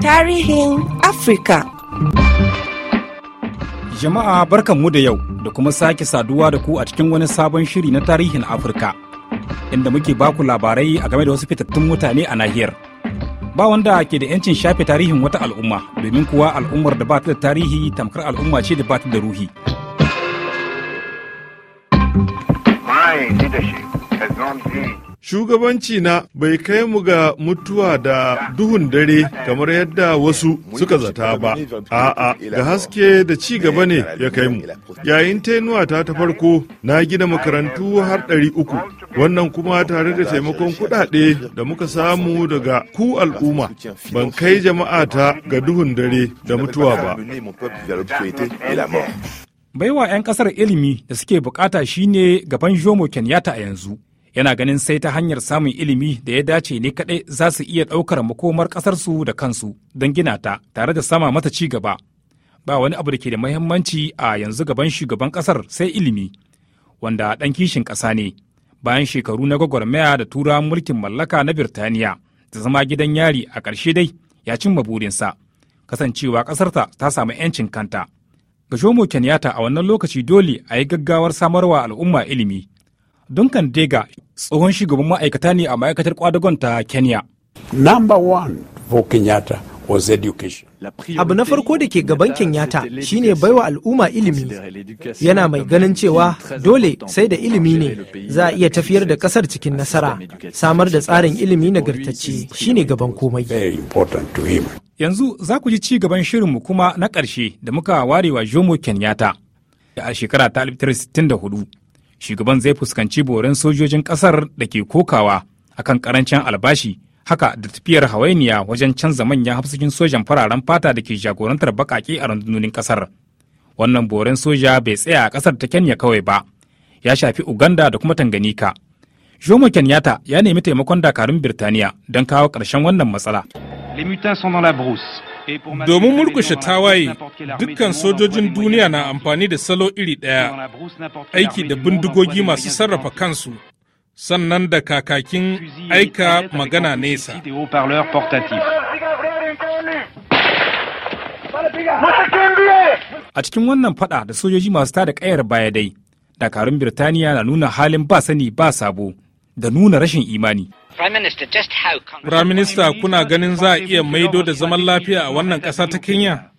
Tarihin Afrika Jama'a barkanmu da yau da kuma sake saduwa da ku a cikin wani sabon shiri na tarihin Afirka inda muke baku labarai a game da wasu fitattun mutane a nahiyar. Ba wanda ke da 'yancin shafe tarihin wata al'umma domin kuwa al'ummar da ba ta da tarihi tamkar al'umma ce da ba ta da ruhi. My leadership has Shugabanci na bai kai mu ga mutuwa da duhun dare kamar yadda wasu suka zata ba. A'a, ga haske da ci gaba ne ya kai mu. Yayin tainuwa ta ta farko na gina makarantu har ɗari uku. Wannan kuma tare da taimakon kuɗaɗe da muka samu daga ku al'umma. Ban kai jama'a ta ga duhun dare da mutuwa ba. Baiwa 'yan kasar ilimi da suke bukata shine gaban Jomo Kenyatta a yanzu. yana ganin sai ta hanyar samun ilimi da ya dace ne kaɗai za su iya ɗaukar makomar ƙasarsu da kansu don gina ta tare da sama mata ci gaba ba wani abu da ke da mahimmanci a yanzu gaban shugaban ƙasar sai ilimi wanda ɗan kishin ƙasa ne bayan shekaru na gwagwarmaya da tura mulkin mallaka na birtaniya da zama gidan yari a ƙarshe dai ya cimma burinsa kasancewa ƙasarta ta samu 'yancin kanta ga jomo kenyatta a wannan lokaci dole a yi gaggawar samarwa al'umma ilimi Duncan Dega tsohon shugaban ma'aikata ne a ma'aikatar kwadagon ta Kenya. Number one for Kenyatta was education. Abu na farko da ke gaban Kenyatta shine baiwa al'umma ilimi. Yana mai ganin cewa dole sai da ilimi ne za a iya tafiyar da kasar cikin nasara. Samar da tsarin ilimi nagartacce shine gaban komai. Yanzu za ku ji ci gaban shirinmu kuma na ƙarshe da muka warewa Jomo Kenyatta a shekara ta 1964. shugaban zai fuskanci boren sojojin kasar da ke kokawa akan karancin albashi haka da tafiyar hawainiya wajen canza manyan hafsoshin sojan fararen fata da ke jagorantar baƙaƙe a rundunonin kasar wannan boren soja bai tsaya a kasar ta kenya kawai ba ya shafi uganda da kuma tanganyika jomo kenyatta ya nemi taimakon dakarun birtaniya don kawo ƙarshen wannan matsala les mutins la brousse Domin murkushe tawaye, dukkan sojojin duniya na amfani da salo iri ɗaya, aiki da bindigogi masu sarrafa kansu, sannan da kakakin aika magana nesa. A cikin wannan fada da sojoji masu tada kayar baya dai, dakarun Birtaniya na nuna halin ba sani ba sabo da nuna rashin imani. Firaminista, kuna ganin za a iya maido da zaman lafiya a wannan ƙasa ta Kenya?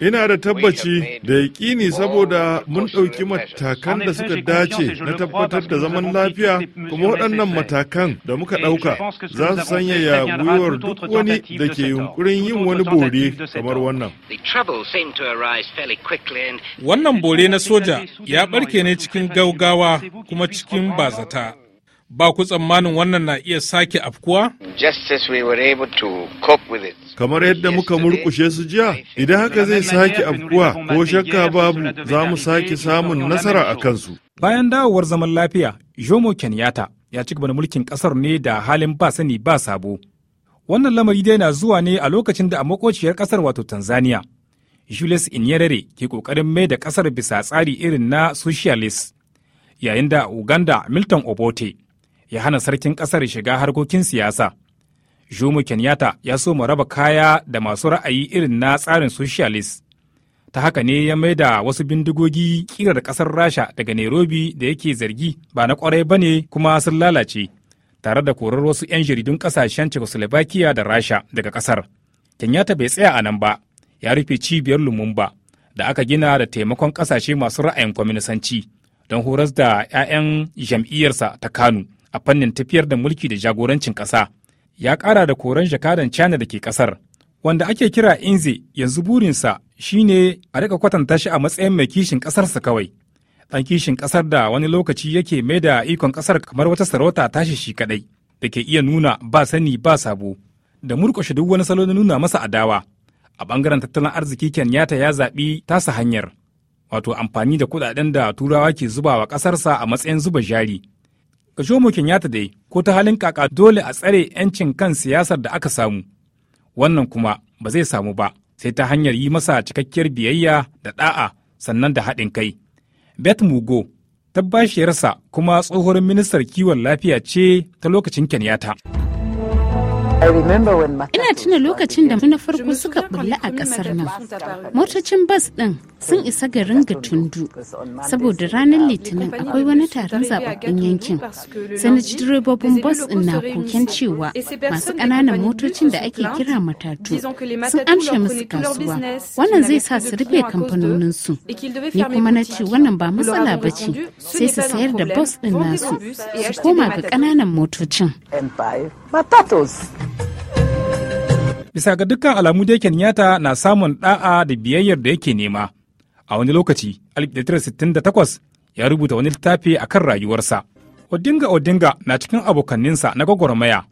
Ina da tabbaci da yaƙini saboda mun ɗauki matakan da suka dace na tabbatar da zaman lafiya kuma waɗannan matakan da muka ɗauka za su sanyaya gwiwar duk wani da ke yunkurin yin wani bore kamar wannan. Wannan bore na soja ya ɓarke ne cikin gaugawa kuma cikin bazata. ba ku tsammanin wannan na iya sake afkuwa? Kamar yadda muka murkushe su jiya, idan haka zai sake afkuwa ko shakka babu za mu sake samun nasara a kansu. Bayan dawowar zaman lafiya, Jomo Kenyatta ya ci gaba da mulkin kasar ne da halin ba sani ba sabo. Wannan lamari dai na zuwa ne a lokacin da a makociyar kasar wato Tanzania. Julius Inyerere ke kokarin mai da kasar bisa tsari irin na socialist. Yayin da Uganda Milton Obote ya hana sarkin ƙasar shiga harkokin siyasa. Jomo Kenyatta ya so mu raba kaya da masu ra'ayi irin na tsarin socialist. Ta haka ne ya mai da wasu bindigogi kirar ƙasar Rasha daga Nairobi da yake zargi ba na ƙwarai ba ne kuma sun lalace, tare da korar wasu 'yan jaridun ƙasashen Czechoslovakia da Rasha daga ƙasar. Kenyatta bai tsaya a nan ba, ya rufe cibiyar Lumumba da aka gina da taimakon ƙasashe masu ra'ayin kwaminisanci don horas da 'ya'yan jam'iyyarsa ta Kano. a fannin tafiyar da mulki da jagorancin ƙasa ya ƙara da koren jakadan china da ke ƙasar wanda ake kira inze yanzu burinsa shine a rika kwatanta shi a matsayin mai kishin ƙasarsa kawai ɗan kishin ƙasar da wani lokaci yake mai da ikon ƙasar kamar wata sarauta tashi shi kaɗai da ke iya nuna ba sani ba sabo da murƙushe duk wani salo na nuna masa adawa a bangaren tattalin arziki kenyatta ya zaɓi tasa hanyar wato amfani da kuɗaɗen da turawa ke zubawa ƙasarsa a matsayin zuba jari kasho Jomo Kenyatta dai ko ta halin kaka dole a tsare 'yancin kan siyasar da aka samu. Wannan kuma ba zai samu ba sai ta hanyar yi masa cikakkiyar biyayya da ɗa'a sannan da haɗin kai. Beth Mugo tabbashiyarsa kuma tsohon ministar kiwon lafiya ce ta lokacin Kenyatta. Ina tuna lokacin da na farko suka bulla a ƙasar nan. Motocin bas ɗin sun isa garin Gatundu saboda ranar Litinin akwai wani taron zababbin yankin. ji direbobin bus din na koken cewa masu kananan motocin da ake kira matatu sun amshe musu kasuwa. Wannan zai sa su rufe kamfanoninsu. Ni kuma na ce wannan ba matsala ba ce sai su sayar da bus ɗin nasu su koma ga ƙananan motocin. bisa ga dukkan alamu da yake niyata na samun da'a da biyayyar da yake nema a wani lokaci 1968 ya rubuta wani littafi a kan rayuwarsa odinga odinga na cikin abokanninsa na gwagwarmaya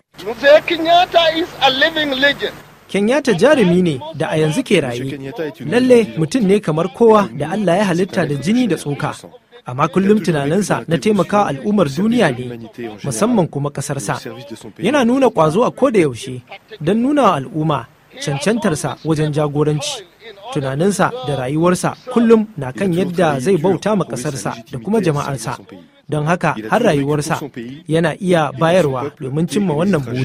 kenyatta jarumi ne da a yanzu ke raye lalle mutum ne kamar kowa da allah ya halitta da jini da tsoka amma kullum tunaninsa na taimakawa al'ummar duniya ne musamman kuma ƙasarsa yana nuna ƙwazo a ko da yaushe don nuna wa al'umma cancantarsa wajen jagoranci tunaninsa da rayuwarsa kullum na kan yadda zai bauta ma ƙasarsa da kuma jama'arsa don haka har rayuwarsa yana iya bayarwa domin cimma wannan buri.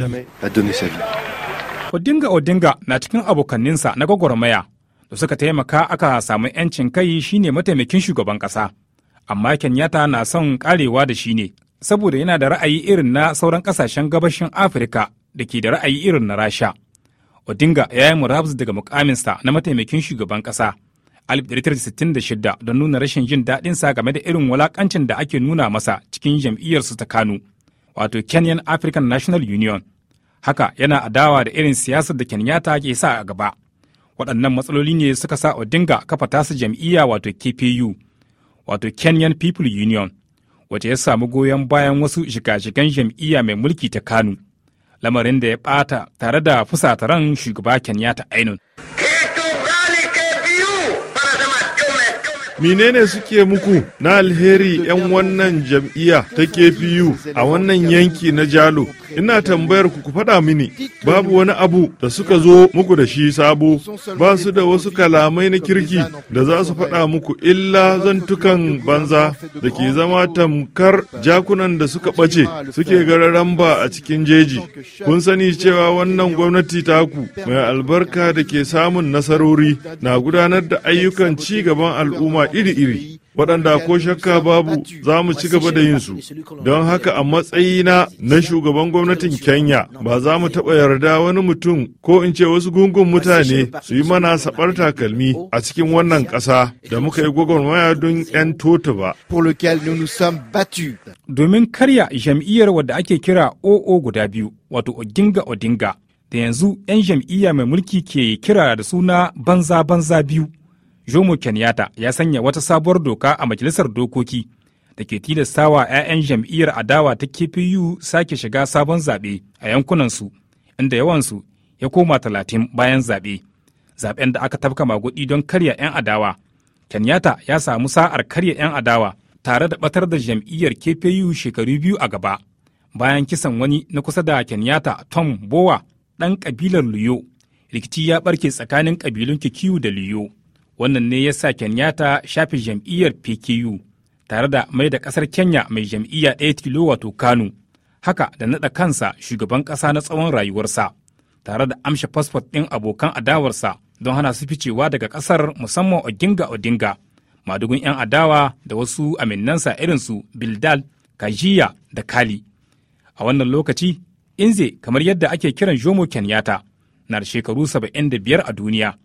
Odinga Odinga na cikin abokanninsa na gwagwarmaya da suka taimaka aka samu 'yancin kai shine mataimakin shugaban ƙasa. Amma Kenyatta na son karewa da shi ne, saboda yana da ra'ayi irin na sauran ƙasashen gabashin Afirka da ke da ra'ayi irin na Rasha. odinga ya yi murabus daga mukaminsa na mataimakin shugaban ƙasa 1966 don nuna rashin jin daɗinsa game da irin wulakancin da ake nuna masa cikin jam'iyyarsu ta kano wato kenyan african national union haka yana adawa da irin siyasar da kenyatta ke sa a gaba waɗannan matsaloli ne suka sa odinga kafa tasu jam'iyya wato kpu wato kenyan people union wacce ya samu goyon bayan wasu shiga-shigan jam'iyya mai mulki ta kano. lamarin da ya bata tare da ran shugaba ta ainun. menene suke muku na alheri 'yan wannan jam'iyya ta KPU a wannan yanki na Jalo? Ina tambayar ku ku faɗa mini, babu wani abu da suka zo muku da shi sabo, ba su da wasu kalamai na kirki da za su faɗa muku illa zantukan banza da ke zama tamkar jakunan da suka ɓace suke gararan ba a cikin jeji. Kun sani cewa wannan gwamnati taku mai albarka da ke samun nasarori na gudanar da ayyukan ci gaban al'umma a iri-iri waɗanda ko shakka babu za mu ci gaba da yin su don haka a matsayina na shugaban gwamnatin kenya ba za mu taɓa yarda wani mutum ko in ce wasu gungun mutane su yi mana saɓar takalmi a cikin wannan ƙasa da muka yi gwagwarmaya don 'yan tota ba domin karya jam'iyyar wadda ake kira oo guda biyu wato oginga odinga da yanzu 'yan jam'iyya mai mulki ke kira da suna banza banza biyu Jomo Kenyatta ya sanya wata sabuwar doka a majalisar dokoki da ke tilastawa 'ya'yan jam'iyyar adawa ta KPU sake shiga sabon zaɓe a yankunansu inda yawansu ya koma talatin bayan zaɓe. Zaɓen da aka tafka magudi don karya 'yan adawa. Kenyatta ya samu sa'ar karya 'yan adawa tare da batar da jam'iyyar KPU shekaru biyu a gaba bayan kisan wani na kusa da Kenyatta Tom Bowa ɗan kabilar Luyo. Rikici ya ɓarke tsakanin kabilun Kikiyu da Luyo. wannan ne ya sa kenyatta shafe jam'iyyar pku tare da mai da ƙasar kenya mai jam'iyya ɗaya tilo wato kano haka da naɗa kansa shugaban ƙasa na tsawon rayuwarsa tare da amsha fasfot ɗin abokan adawarsa don hana su ficewa daga ƙasar musamman odinga odinga madugun 'yan adawa da wasu aminansa irinsu bildal kajiya da kali a wannan lokaci inze kamar yadda ake kiran jomo kenyatta na da shekaru saba'in da biyar a duniya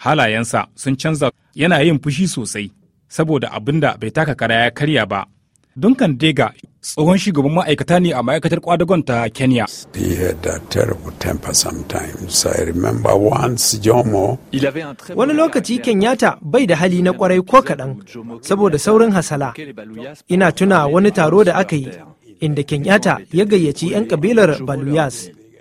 halayensa sun canza yana yin fushi sosai saboda abin da bai taka kara ya karya ba dunkan dega tsohon shugaban ma'aikata ne a ma'aikatar kwadagon ta kenya wani lokaci kenyatta bai da hali na kwarai ko kaɗan saboda saurin hasala ina tuna wani taro da aka yi inda kenyatta ya gayyaci 'yan kabilar baluyas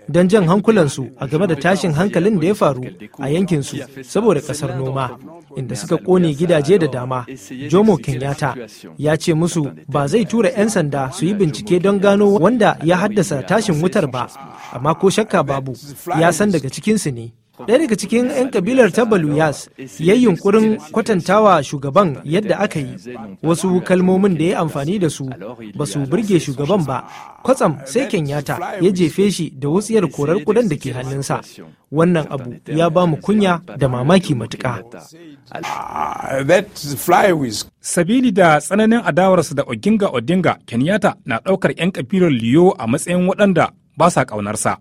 don jan hankulansu a game da tashin hankalin da ya faru a yankinsu saboda kasar noma inda suka kone gidaje da dama jomo kenyatta ya ce musu ba zai tura 'yan sanda su yi bincike don gano wanda ya haddasa tashin wutar ba amma ko shakka babu ya san daga cikinsu ne ɗaya daga cikin 'yan kabilar ta baluyas ya yi yunkurin kwatantawa shugaban yadda aka yi wasu kalmomin da ya amfani da su ba su burge shugaban ba kwatsam sai kenyatta ya jefe shi da wutsiyar korar kudan da ke hannunsa wannan abu ya ba mu kunya da mamaki matuka. sabili da tsananin adawarsa da oginga odinga kenyatta na ɗaukar 'yan kabilar liyo a matsayin waɗanda ba sa ƙaunarsa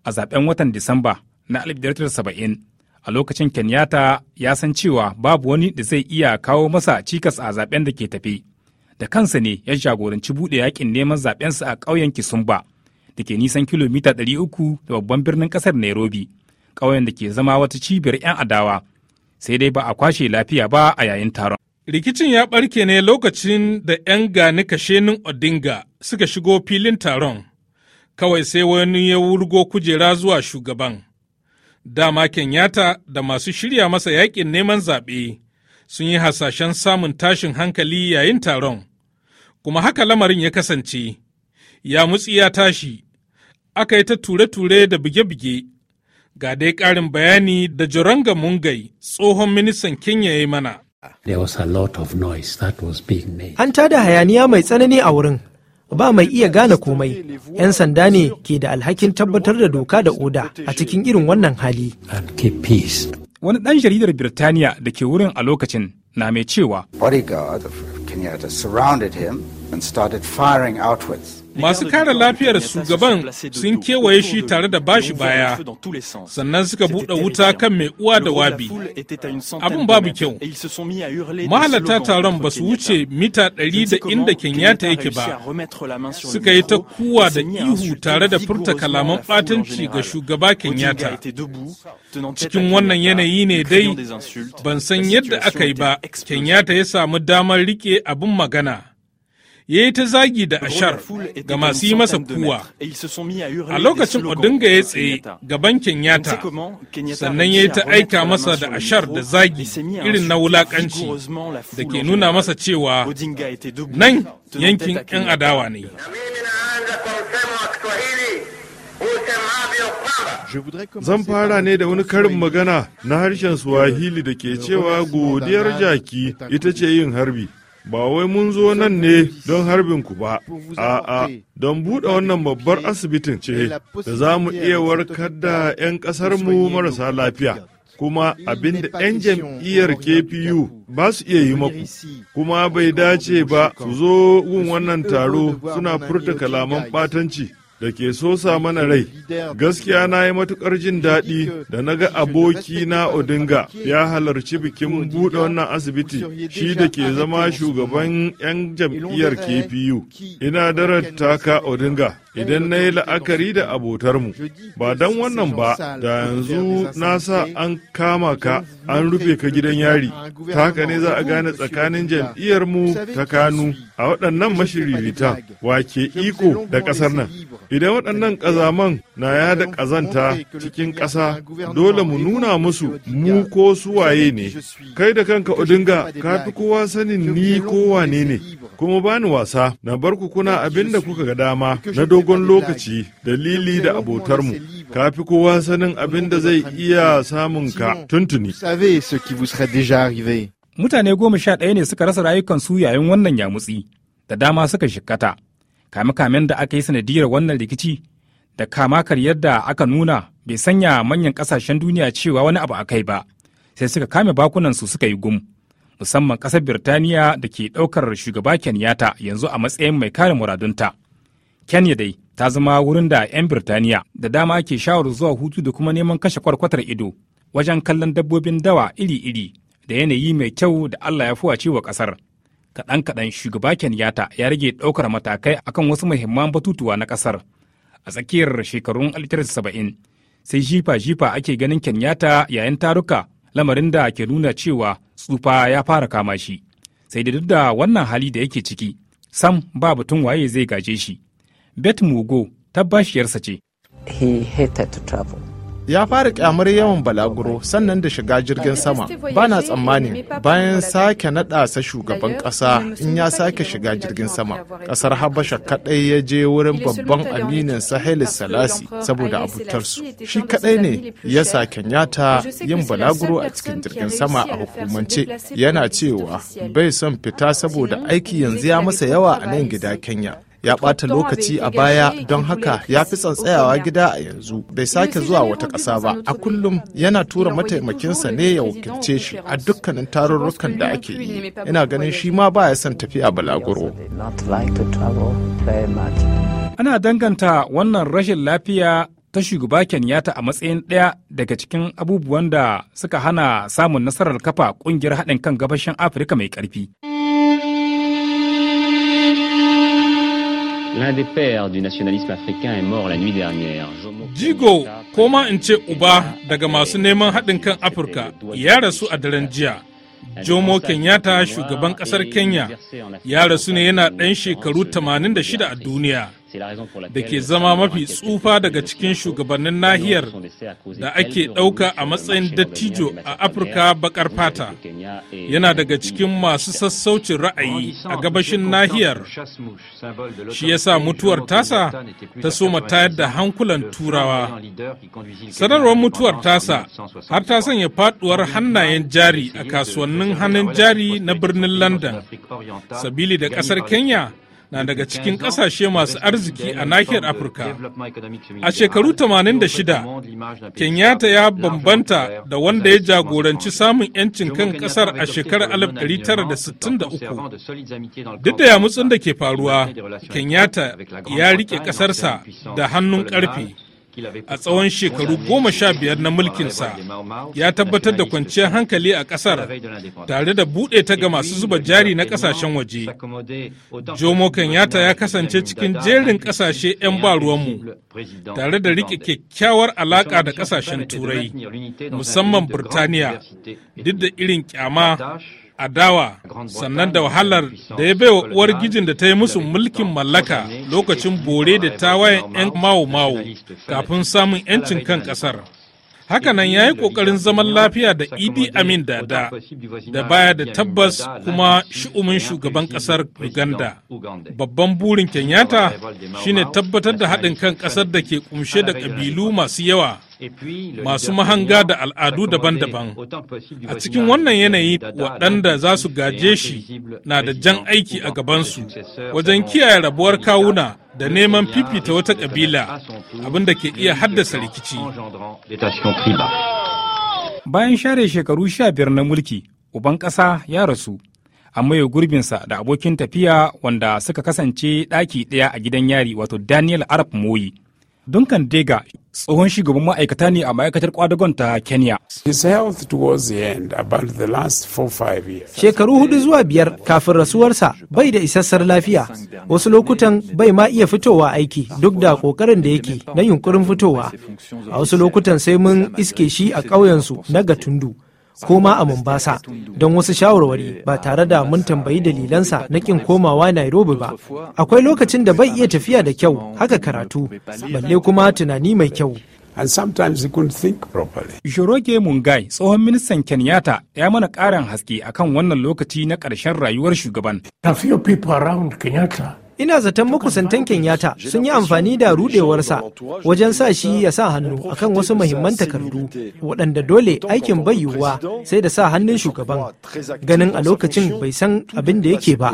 a zaben watan disamba na 1970 a lokacin kenyatta ya san cewa babu wani da zai iya kawo masa cikas a zaben da ke tafe da kansa ne ya jagoranci bude yakin neman zabensa a ƙauyen kisumba da ke nisan kilomita 300 da babban birnin ƙasar nairobi ƙauyen da ke zama wata cibiyar 'yan adawa sai dai ba a kwashe lafiya ba a yayin taron rikicin ya ɓarke ne lokacin da 'yan gani kashenin odinga suka shigo filin taron kawai sai wani ya wurgo kujera zuwa shugaban Dama Kenyatta da masu shirya masa yakin neman zaɓe sun yi hasashen samun tashin hankali yayin taron, kuma haka lamarin ya kasance, ya mutsi ya tashi, aka yi ta ture-ture da buge-buge, ga dai ƙarin bayani da Joranga Mungai tsohon ministan Kenya ya yi mana. An tada hayaniya mai tsanani a wurin ba mai iya gane komai 'yan sanda ne ke da alhakin tabbatar da doka da oda a cikin irin wannan hali wani ɗan jaridar birtaniya da ke wurin a lokacin na mai cewa bodyguard of kenyatta surrounded him and started firing outwards masu kare lafiyar shugaban sun kewaye shi tare da bashi baya sannan suka buɗe wuta kan mai uwa da wabi abin babu kyau Mahalata taron ba su wuce mita ɗari da inda kenyatta yake ba suka yi ta kuwa da ihu tare da furta kalaman ɓatanci ga shugaba kenyatta cikin wannan yanayi ne dai ban san yadda aka yi ba kenyatta ya samu damar riƙe abin magana ya yi ta zagi da ashar ga masu yi masa kuwa a lokacin odinga ya tsaye gaban kenyatta sannan ya yi ta aika masa da ashar da zagi irin na wulakanci da ke nuna masa cewa nan yankin 'yan adawa ne Zan fara ne da wani karin magana na harshen Swahili da ke cewa godiyar jaki ita ce yin harbi. ba wai mun zo nan ne don harbin ku ba a'a don buɗe wannan babbar asibitin ce da za mu iya warkar da 'yan ƙasarmu marasa lafiya kuma abinda 'yan jam'iyyar kpu ba su iya yi maku kuma bai dace ba su zo gun wannan taro suna furta kalaman ɓatanci da ke sosa mana rai gaskiya na yi matukar jin daɗi da na ga aboki na odinga ya halarci bikin buɗe wannan asibiti shi da ke zama shugaban 'yan jam'iyyar kpu ina darar taka odinga idan na yi la'akari da abotarmu ba don wannan ba da yanzu na sa an kama ka an rufe ka gidan yari ta haka ne za a gane tsakanin jam'iyyarmu ta kanu a waɗannan mashiririta wake iko da ƙasar nan idan waɗannan ƙazaman na ya da ƙazanta cikin ƙasa dole mu nuna musu mu ko waye ne kai da kanka odinga ka fi kowa sanin ni ko wane ne kuma bani wasa na bar ku kuna abinda kuka ga dama na dogon dogon lokaci dalili da abotarmu ka fi kowa sanin abin da zai iya samun ka tuntuni mutane goma sha ɗaya ne suka rasa rayukansu yayin wannan yamutsi da dama suka shikata kame-kamen da aka yi sanadiyar wannan rikici da kama karyar da aka nuna bai sanya manyan kasashen duniya cewa wani abu akai ba sai suka kame bakunansu suka yi gum musamman ƙasar birtaniya da ke ɗaukar shugaba kenyatta yanzu a matsayin mai kare muradunta kenya dai ta zama wurin da 'yan birtaniya da dama ake shawar zuwa hutu da kuma neman kashe kwarkwatar ido wajen kallon dabbobin dawa iri-iri da yanayi mai kyau da allah ya fi wace wa kasar kaɗan kaɗan shugaba kenyatta ya rage ɗaukar matakai akan wasu muhimman batutuwa na ƙasar a tsakiyar shekarun 1970 sai jifa-jifa ake ganin kenyatta yayin taruka lamarin da ke nuna cewa tsufa ya fara kama shi sai da duk da wannan hali da yake ciki sam ba batun waye zai gaje shi bet mugo tabbashiyarsa ce he hated ya fara kyamar yawan balaguro sannan da shiga jirgin sama ba na tsammanin bayan sake naɗasa shugaban ƙasa in ya sake shiga jirgin sama ƙasar habasha kaɗai ya je wurin babban aminin sahelis salasi saboda abutarsu shi kaɗai ne ya sake nyata yin balaguro a cikin jirgin sama a hukumance yana cewa bai son fita saboda aiki yanzu ya masa yawa a nan gida kenya ya ɓata lokaci a baya don haka ya fi tsayawa gida a yanzu bai sake zuwa wata ƙasa ba a kullum yana tura mataimakinsa ne ya wakilce shi a dukkanin tarurrukan da ake yi ina ganin shi ma baya son tafiya balaguro ana danganta wannan rashin lafiya ta shugaba Kenyatta a matsayin ɗaya daga cikin abubuwan da suka hana samun nasarar kafa ƙungiyar haɗin kan gabashin Afirka mai ƙarfi. L'un des pères du nationalisme africain est mort la nuit dernière. Jigo, ko ma in ce uba daga masu neman haɗin kan Afirka ya rasu a daren jiya. Jomo Kenyatta shugaban ƙasar Kenya ya rasu ne yana ɗan shekaru 86 a duniya. da ke zama mafi tsufa daga cikin shugabannin nahiyar da ake ɗauka a matsayin dattijo a afirka bakar fata yana daga cikin masu sassaucin ra'ayi a gabashin nahiyar shi ya sa mutuwar tasa ta soma tayar da hankulan turawa sanarwar mutuwar tasa har ta sanya faduwar hannayen jari a kasuwannin hannun jari na birnin london sabili da ƙasar kenya na daga cikin ƙasashe masu arziki a nahiyar Afirka. A shekaru 86, Kenyatta ya bambanta da wanda ya jagoranci samun 'yancin kan ƙasar a shekarar 1963. Duk da mutsun da ke faruwa, Kenyatta ya rike ƙasarsa da hannun ƙarfe. a tsawon shekaru goma sha biyar na mulkinsa ya tabbatar da kwanciyar hankali a ƙasar tare da buɗe ta ga masu zuba jari na ƙasashen waje. Jomo Kenyatta ya kasance cikin jerin ƙasashe 'yan ba ruwanmu tare da riƙe kyakkyawar alaƙa da ƙasashen Turai, musamman Birtaniya, duk da irin ƙyama adawa sannan da wahalar da ya bai uwar gijin da ta yi musu mulkin mallaka lokacin bore da tawayen 'yan mawo-mawo kafin samun 'yancin kan kasar hakanan ya yi ƙoƙarin zaman lafiya da idi amin dada da baya da tabbas kuma shi'umin shugaban kasar uganda babban burin kenyatta shine tabbatar da haɗin kan ƙasar da ke ƙumshe da ƙabilu masu yawa masu mahanga da al'adu daban-daban a cikin wannan yanayi waɗanda za su gaje shi na da jan aiki a gabansu wajen kiyaye rabuwar kawuna da neman fifita wata ƙabila abinda ke iya haddasa rikici. Bayan share shekaru sha biyar na mulki, uban ƙasa ya rasu, amma ya gurbinsa da abokin tafiya wanda suka kasance ɗaki ɗaya a gidan yari wato Daniel arap Moyi. Duncan Dega tsohon shugaban ma'aikata ne a ma'aikatar kwadagon ta Kenya. Shekaru hudu zuwa biyar kafin rasuwarsa bai da isassar lafiya, wasu lokutan bai ma iya fitowa aiki duk da kokarin da yake na yunkurin fitowa. A wasu lokutan sai mun iske shi a ƙauyensu na Gatundu. ko ma a Mombasa don wasu shawarwari ba tare da mun tambayi dalilansa na kin komawa Nairobi ba. Akwai lokacin da bai iya tafiya da kyau haka karatu balle kuma tunani mai kyau. and sometimes he couldn't think properly. Mungai, tsohon ministan Kenyatta, ya mana ƙarin haske akan wannan lokaci na ƙarshen rayuwar shugaban. A few people around Kenyatta ina zaton makusantan kenyatta sun yi amfani da rudewarsa wajen sa shi ya sa hannu akan wasu mahimman takardu waɗanda dole aikin bai yiwuwa sai da sa hannun shugaban ganin a lokacin bai san abin da yake ba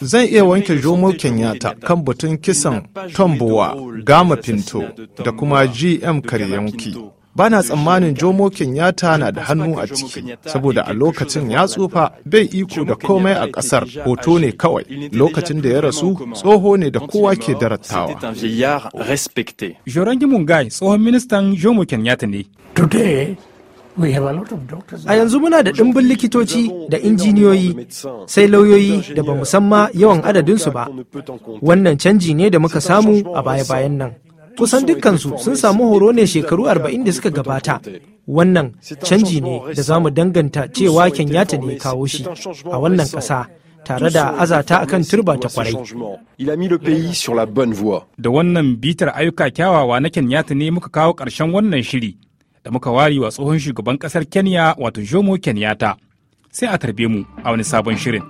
Zan iya wanke Jomo Kenyatta kan batun kisan tombowa Gama Pinto da kuma GM Karyanki. Bana tsammanin jomo kenyatta na da hannu a ciki saboda a lokacin ya tsufa bai iko da komai a ƙasar hoto ne kawai lokacin da ya rasu tsoho ne da kowa ke darattawa jorangi mungai tsohon ministan jomo kenyatta ne A yanzu muna da ɗimbin likitoci da injiniyoyi sai lauyoyi da ba musamman yawan adadinsu ba. Wannan canji ne da muka samu a baya-bayan nan. kusan dukkansu sun samu horo ne shekaru arba'in da suka gabata wannan canji ne da za mu danganta cewa kenyatta ne kawo shi a wannan ƙasa tare da azata akan turba ta kwarai. Da wannan bitar ayyuka kyawawa na Kenyatta ne muka kawo ƙarshen wannan shiri da muka ware wa tsohon shugaban ƙasar Kenya wato Jomo Kenyatta. Sai a tarbe mu a wani sabon shirin.